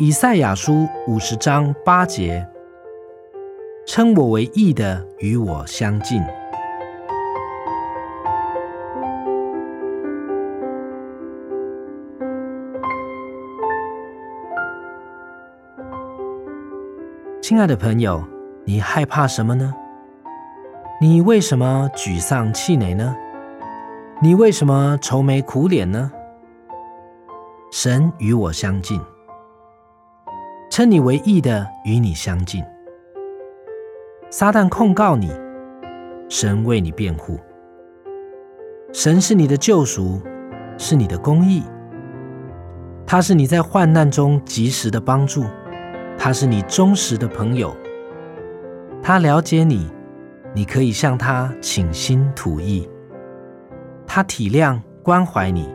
以賽亞書五十章八節，稱我為義的與我相近。親愛的朋友，你害怕什麼呢？你為什麼沮喪氣餒呢？你為什麼愁眉苦臉呢？神與我相近。稱你為義的與你相近，撒旦控告你，神為你辯護。神是你的救贖，是你的公義，他是你在患難中及時的幫助，他是你忠實的朋友，他了解你，你可以向他傾心吐意，他體諒關懷你，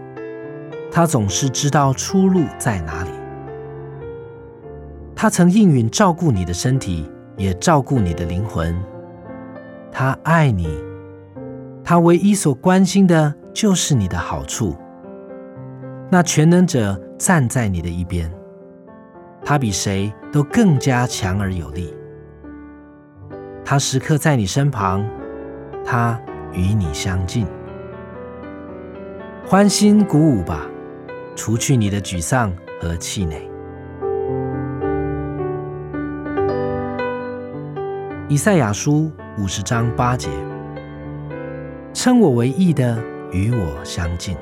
他總是知道出路在哪裡。他曾應允照顧你的身體，也照顧你的靈魂。他愛你，他唯一所關心的就是你的好處。那全能者站在你的一邊，他比誰都更加強而有力。他時刻在你身旁，他與你相近。歡欣鼓舞吧，除去你的沮喪和氣餒。以賽亞書五十章八節，稱我為義的，與我相近。